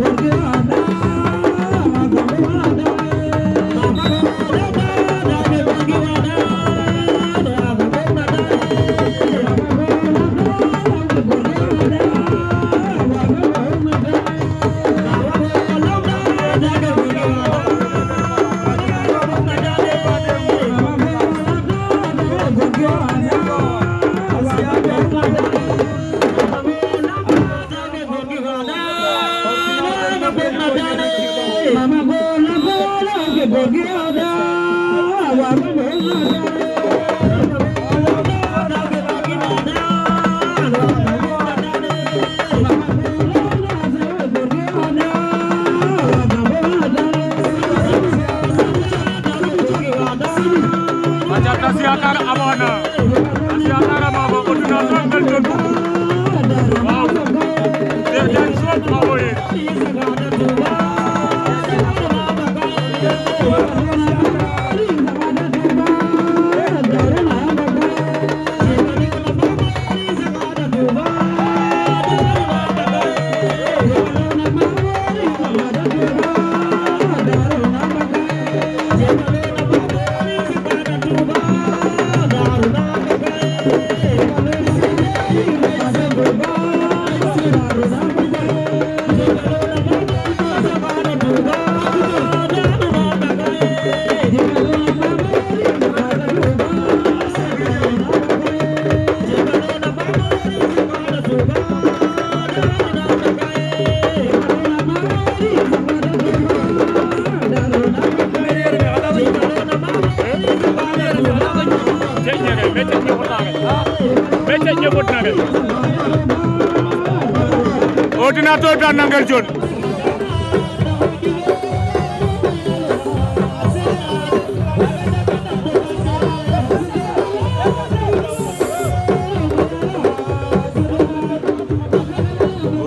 I'm gonna Awana, Asiatara Mama, Otuna Sangal ɓe fotnagal ordinateur dannalngal joni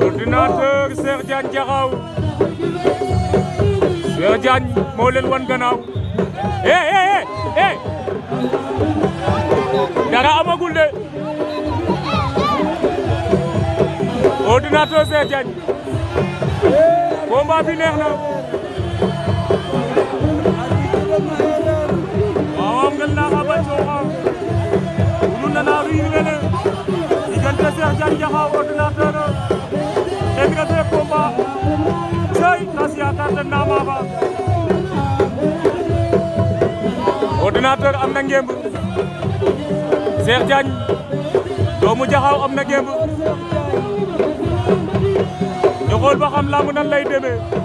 ordinateur Cheikh Diagne Diakhao Cheikh Diagne moo leen wan gannaaw eh eh eh, eh. dara amagul de ordinateur Seye Diagne combat bi neex na waawam gën naa xaaba cooxaam ulu nanaa ruy wene diggante Seye Diagne jaxaaw ordinateur dégg nga see combat sey tas yaakaar den naa maaba ordinateur am na ngemb cheikh Diagne do mu jaxaw am na ngemb làmb nan lay demee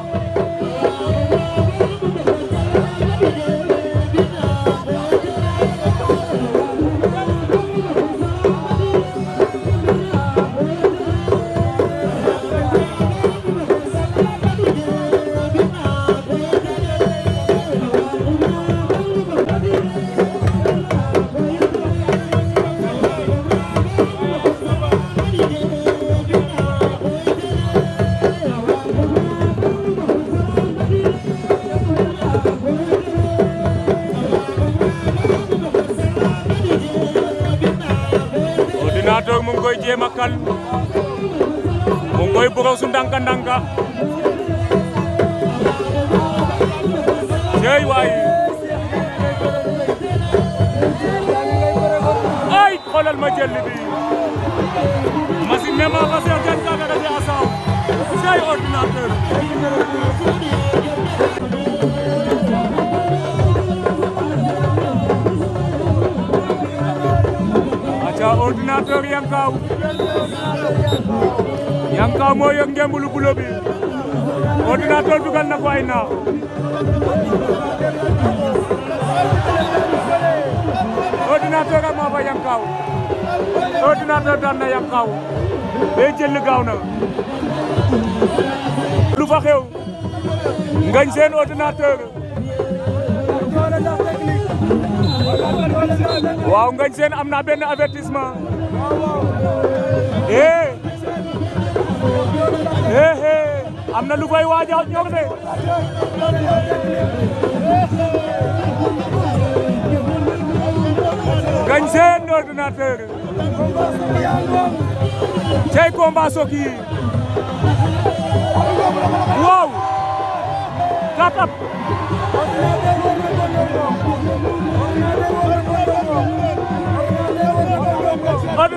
Plateau mu ngi koy jéem a kal mu ngi koy borosu ndànka ndànka cey ay xoolal ma jël bi machine ne ma fa seex jan kaaga da a saaw cey ordinateur Yanka Yankaw Yankaw moo yëg ngembulu bulo dugal na ko ay naax a moo Yankaw ordinateur daan Yankaw day jël gaaw na lu fa xew ngañ waaw Ngagne Sène am na benn avertissement eh eh am na lu koy waaja ñor de Ngagne Sène ordinateur cey waaw tap